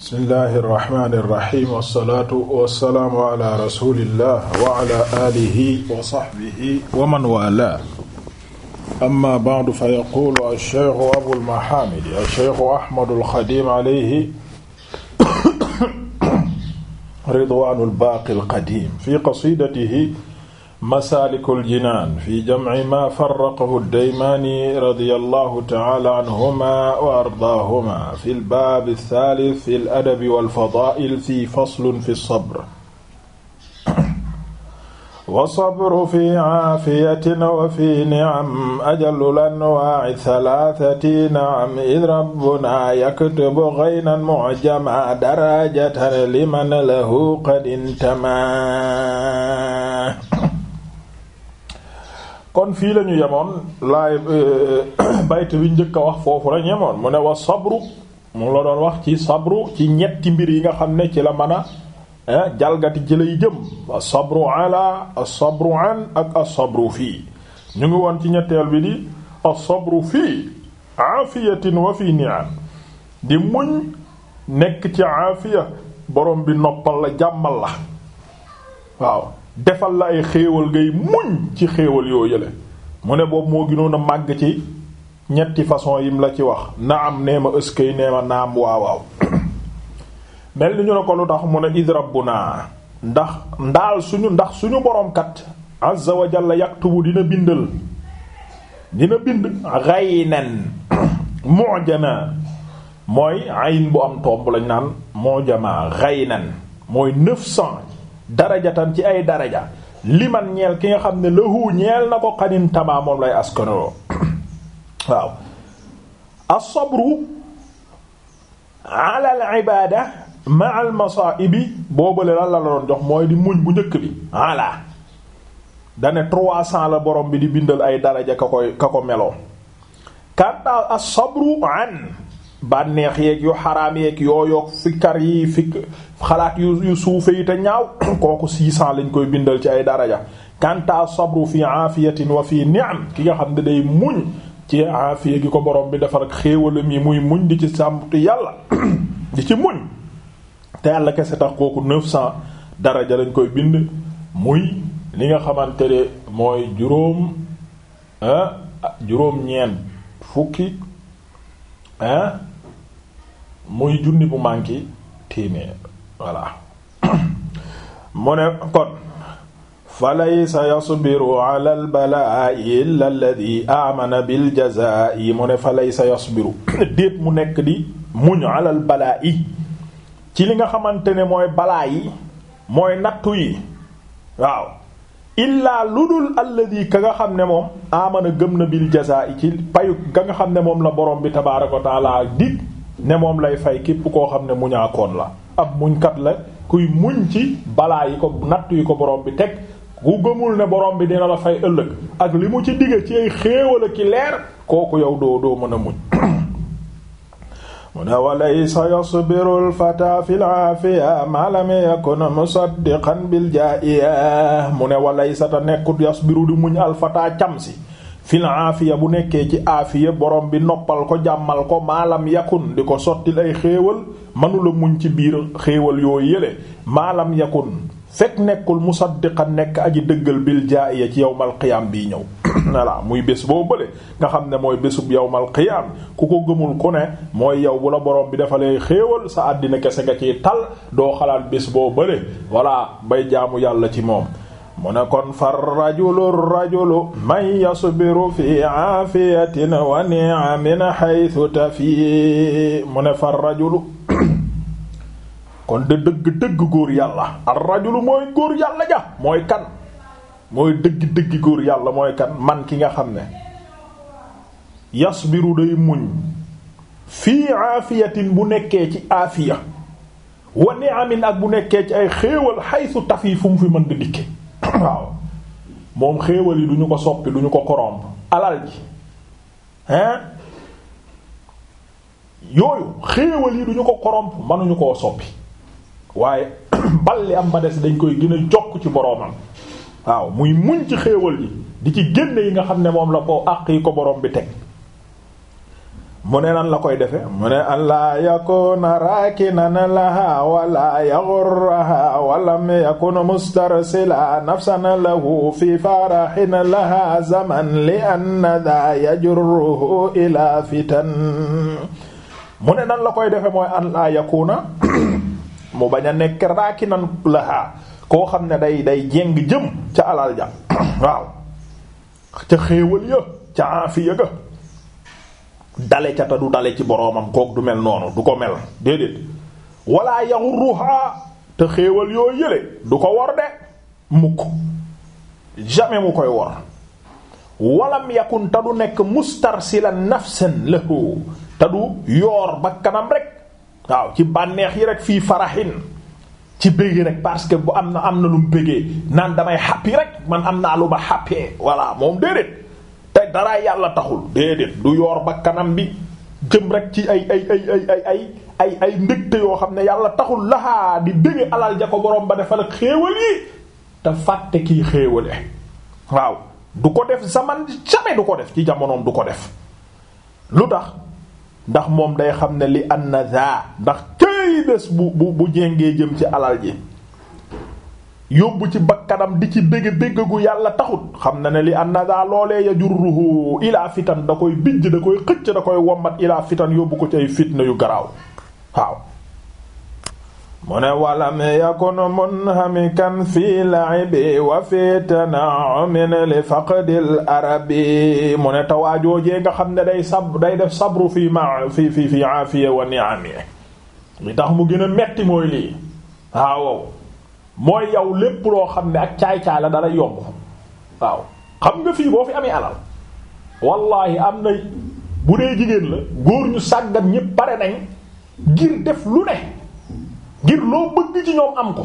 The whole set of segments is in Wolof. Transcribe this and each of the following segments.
bismillahi irrahmani irrahim wassalaatu wassalaamu ala rasulillah wa ala alihi wa sahbihi wa man wala amma ba'du fa yaquulu alcheikhu abulmahamidi alcheikhu ahmadulxadim alayhi ridwaanul baaqil qadiim fi qasidatihi masaalikul jinaan fi jamci maa farraqahu daymaani radiyallahu ta'ala anhumaa wa ardaahumaa fil baabi saalis fil adabi wal fadaa'il fi faslun fi sabr. wa sabru fi caafiyatin wa fi nicam ajalul anwaaci salaasati nacam id rabbunaa yaktubu gaynan mucjama darajatan liman lahu qad intamaa kon fii la ñu yemoon laay euh, bayt bi njëkk a wax foofu la ñu yemoon mu ne wa sabru mu la doon wax ci sabru ci ñetti mbir yi nga xam ne ci la mën a jalgati ci lay jëm as-sabru ala sabru an ak sabru fii ñu ngi woon ci ñetteel bi di as-sabru fii aafiyatin wa fii ni'am di muñ nekk ci aafiya borom bi noppal la jàmmal la waaw defal la ay xéewal ngay muñ ci xéewal yoo yële mu ne boobu moo gënoon a màgg ci ñetti façon yim la ci wax naam nee ma ëskay nee ma naam waawaaw mel ni ñu ne ko lu tax mu ne id rabbuna ndax ndaal suñu ndax suñu boroomkat azza wa jalla yaktubu dina bindal dina bind ghaynan mu'jama mooy ayn bu am tomb lañ naan moo mu'jama ghaynan mooy neuf cents darajatan ci ay daraja liman ñeel ki nga xam ne lahu ñeel na ko xanin tamaa lay askanoo waaw as-sabru ala al ma al-masaa'ibi boobale lan la la doon jox mooy di muñ bu njëkk bi ala dane 300 la borom bi di bindal ay daraja ka koy ka ko meloo kanta as-sabru an bànneex yeeg yu xaraam yeeg yooyoog fikkar yi fikk xalaat yu yu suufe yi te ñaaw kooku 600 lañ koy bindal ci ay daraja kanta sabru fi aafiyatin wa fi ni'am ki nga xam ne day muñ ci aafiya gi ko borom bi defar ak xéewalam yi muy muñ di ci sàmtu yàlla di ci muñ te yàlla kese tax kooku 900 daraja lañ koy bind muy li nga xamante ne mooy juróom ah juróom-ñeent fukki ah muy junni bu manqué téeméer voilà mu ne kon fa laysa yasbiru ala al balaa'i illa amana bil jazaa'i mu ne fa laysa yasbiru déet mu nekk di muñ ala al balaa'i ci li nga xamante ne mooy balaa yi mooy nattu yi waaw illaa lu dul alladi ka nga xam ne moom amana gëm na bil jazaa'i ci payu ka nga xam ne moom la borom bi tabaaraka wa ta'aala dig ne moom lay fay képp koo xam ne muñaakoon la ab muñkat la kuy muñ ci balaa yi ko natt yi ko borom bi teg ku gëmul ne borom bi dina la fay ëllëg ak li mu ci digg ci ay xéewal ki leer kooku yow doo doo mën a muñ mu ne walaysa yasbiru alfata fi laafiya malame yakun musaddiqan bil jaa'iya mu ne walaysa te nekkut yasbiru di muñ alfata cam si fil aafiya bu nekkee ci aafiya borom bi noppal ko jàmmal ko maalam yakun di ko sottil ay xéewal mënula muñ ci biir xéewal yooyu yële maalam yakun fekk nekkul musaddiqa nekk aji dëggal bil jaa'iya ci yawmal qiyaam bii ñëw voilà muy bés boo bële nga xam ne mooy bésub yawmal qiyaam ku ko gëmul ku ne mooy yow bu la borom bi dafa lay xéewal sa àddina kese nga ciy tal doo xalaat bés boo bële voilà bay jaamu yàlla ci moom mu ne kon fa rajulu rajulu man yasbiru fi aafiyatin wa ni'amin haythu tafi mu ne far rajulu kon de dëgg dëgg góor yàlla ar rajulu mooy góor yàlla ja mooy kan mooy dëgg dëgg góor yàlla mooy kan man ki nga xam ne yasbiru day muñ fii aafiyatin bu nekkee ci aafiya wa ni'amin ak bu nekkee ci ay xéewal haythu tafi fu mu fi mën di dikke waaw moom xéewal yi du ñu ko soppi du ko corrompre alal ji hein yooyu xéewal yi du ñu ko corrompre mënuñu koo soppi waaye balli am ba des dañ koy gën a jokk ci boroomam waaw muy muñ ci xéewal yi di ci génn yi nga xam ne moom la ko àq yi ko borom bi teg mu ne nan la koy defe mu ne allah yakuna rakinan laha wala yaghurraha walam yakun mustarsila nafsan lahu fi farahin laha zaman li anna da yajurruhu ila fitan mu ne nan la koy defe mooy allah yakuna mu bañ a nekk rakinan laha koo xam ne day day jéng jëm ca alal ja waaw ca xéewal ya ca aafiya ga dale ca te du dale ci boroomam kook du mel noonu du ko mel déedéet walla yaxuruha te xéewal yoo yële du ko wor de mukk jamais mu koy wor walam yakun te du nekk mustarsilan nafsan lahu te du yoor ba kanam rek waaw ci bànneex yi rek fii faraxin ci bëgg rek parce que bu am na am na lu mu bëggee naan damay happy rek man am naa lu ma happy voilà moom déedéet te dara yàlla taxul déedéet du yoor ba kanam bi jëm rek ci ay ay ay ay ay ay ay ndëgte yoo xam ne yàlla taxul laxaa di dégg alal ja ko borom ba defal ak yi te fàtte kii xéewale waaw du ko def zaman jamais du ko def ci jamonoom du ko def lu tax ndax moom day xam ne li anna za ndax këy bés bu bu bu jéngee jëm ci alal ji yóbbu ci bakkanam di ci bégg bégg gu yàlla taxut xam na ne li anna daa loolee ya jurruhu ilaa fitan da koy bijj da koy xëcc da koy wommat ilaa fitan yóbbu ko ci ay fitna yu garaaw waaw mu ne walam yakun munhamikan fi la'ibi wa fi tana'umin li faqdil arabi mu ne tawaajoojee nga xam ne day sab day def sabru fi fi fi fi afiya wa ni'ami li tax mu gën a metti mooy lii waaw mooy yow lépp loo xam ne ak caay-caay la dala yomb waaw xam nga fii boo fi amee alal wallahi am na bu dee jigéen la góor ñu sàggat ñépp pare nañ ngir def lu ne ngir loo bëgg ci ñoom am ko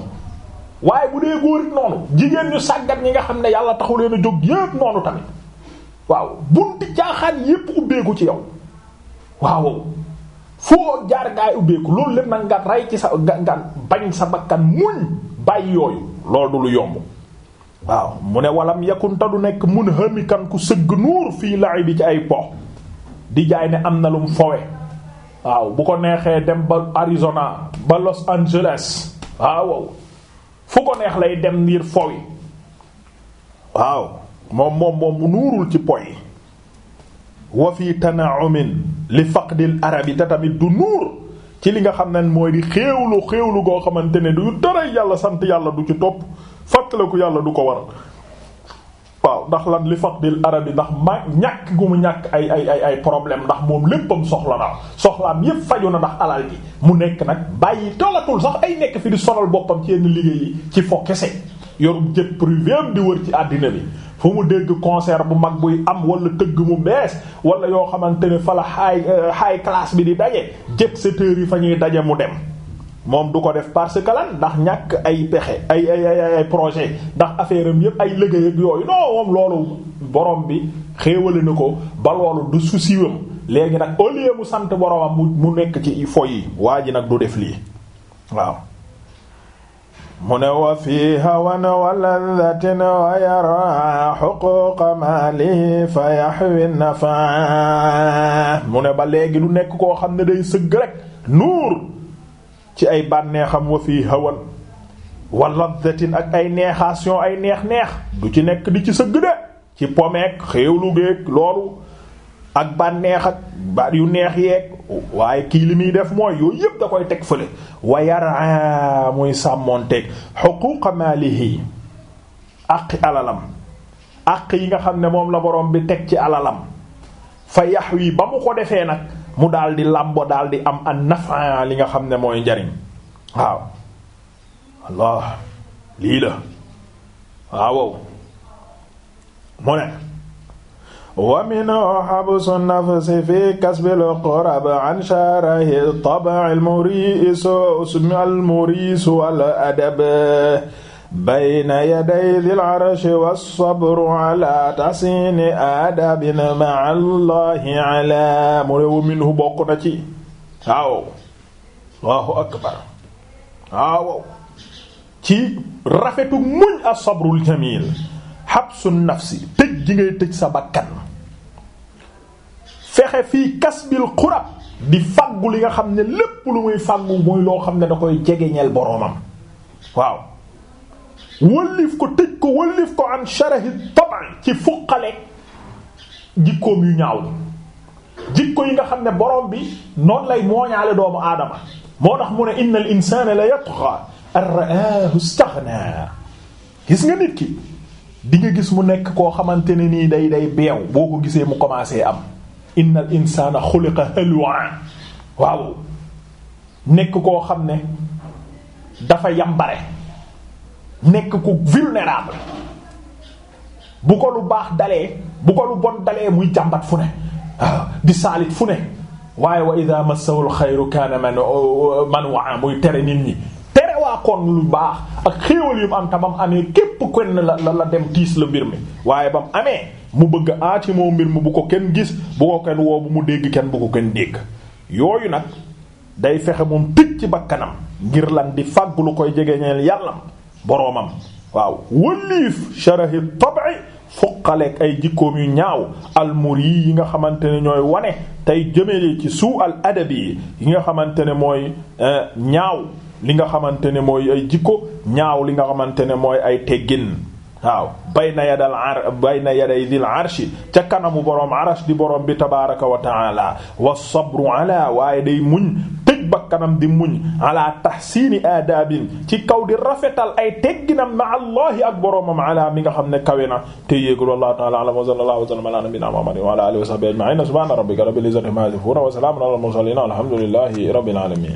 waaye bu dee góor it noonu jigéen ñu sàggat ñi nga xam ne yàlla taxu leen a jóg yépp noonu tamit waaw bunti caaxaan yépp ubbeeku ci yow waaw foo jaar gaay ubbeeku loolu lépp nag nga rey ci sa nga nga bañ sa bakkan muñ bàyyi yooyu loolu du lu yomb waaw mu ne wallam yakunta du nekk mun hamikan ku sëgg nuur fii laay bi ci ay po di jaay ne am na lum fowe waaw bu ko neexee dem ba Arizona ba Los Angeles waaw fu ko neex lay dem ngir fowi waaw moom moom mu nuurul ci po yi wa fii tana'umin li faqdil arabi te tamit du nuur ci li nga xam ne mooy di xéewlu xéewlu goo xamante ne du dara yàlla sant yàlla du ci topp la ko yàlla du ko war waaw ndax lan li faqdil arabi ndax ma ñàkk gu mu ñàkk ay ay ay ay problème ndax moom léppam soxla na soxlaam yépp faju na ndax alal ji mu nekk nag bàyyi tolatul sax ay nekk fi di sonal boppam ci yenn liggéey yi ci fo kese yorum jet privé am di wër ci àddina bi fu mu dégg concert bu mag buy am wala tëgg mu bees wala yoo xamante ni fa la high euh, high bi di daje jet setteurs yi fa ñuy daje mu dem moom du ko def parce que lan ndax ñàkk ay pexe ay ay ay projet ndax affaire am yëpp ay liggéey ak yooyu non loolu borom bi xéewale na ko ba loolu du souciwam léegi nag au mu sant boromam mu nekk ci fo yi waa ji nag du def lii waaw mu ne wa fii hawan wa ladatin wa yara xuquqa fa yaxwi nafa mu ne ba léegi du nekk koo xam ne day sëgg rek nuur ci ay bànneexam wa fii hawan wa ladatin ak ay neexation ay neex-neex du ci nekk di ci sëgg de ci pomeek xéewlu géeg loolu ak bànneex ak ba yu neex yeeg waaye kii li muy def mooy yooyu yépp da koy teg fële wa yara muy sàmmoonteeg xuquqa maalihi alalam aq yi nga xam ne moom la borom bi teg ci alalam fa yax wi ba mu ko defee nag mu daal di làmbo daal di am an nafa li nga xam ne mooy njariñ waaw allah lii la waaw mu ne wa minhu habsu nafsi fi kasbil qurab an sharahi tab'il muriis wal adab bayna yaday dhil arshi was-sabru ala tahsini adabin ma'a Allahi ala mu ne wa minhu bokk na ci waaw Allahu akbar waaw ci rafetu muñ as-sabrul jamil habsu nafsi tëj gi ngay tëj sa bakkan fexe fii kasbil xurab di fàggu li nga xam ne lépp lu muy fàggu muy loo xam ne da koy jegeñeel boroomam waaw wëllif ko tëj ko wëllif ko an sharahi taban ci fuqale jikkoom yu ñaaw jikko yi nga xam ne boroom bi noonu lay mooñaale doomu aadama moo tax mu ne inna al insana la yatgha an ra'ahu istaghna gis nga nit ki di nga gis mu nekk koo xamante ne nii day day beew boo ko gisee mu commencé am innal insaana xuliqa haluwa waaw nekk koo xam ne dafa yambare nekk ku vulnérable bu ko lu baax dalee bu ko lu bon dalee muy jàmbat fu ne ah, di saalit fu ne waaye wa idha massawul xayru kaana man uh, manwaa muy tere tere waa kon lu baax ak xéewal yu mu am tamam amee képp kenn la la dem tiis la mbir mi waaye ba mu amee mu bëgg a aati moo mbir mi bu ko kenn gis bu ko kenn woo bu mu dégg kenn bu ko kenn dégg yooyu nag day fexe moom tëj ci bakkanam ngir lan di fàgg lu koy jegeñeel yàllam boroomam waaw wëlliif sharahi tabi fuqaleek ay jikkoom yu ñaaw almuri yi yi nga xamante ne ñooy wane tey jëmale ci suu al adabi yi nga xamante ne mooy eh, ñaaw li nga xamante ne mooy ay jikko ñaaw li nga xamante ne mooy ay teggin waaw bayna yadal ar bayna na dil arshi ca kanamu borom arash di borom bi tabaaraka wa taala wa sabru ala waaye day muñ tëj ba kanam di muñ ala tahsini aadaabin ci kaw di rafetal ay tegginam ma allahi ak boromam ala mi nga xam ne kawe na te yéegul wallahu ta'ala a'lam wa sallallahu wa sallama ala nabiyyina muhammadin wa ala alihi wa sahbihi ajma'in subhana rabbika rabbil izzati amma yasifun wa salamun ala al mursalin alhamdulillahi alamin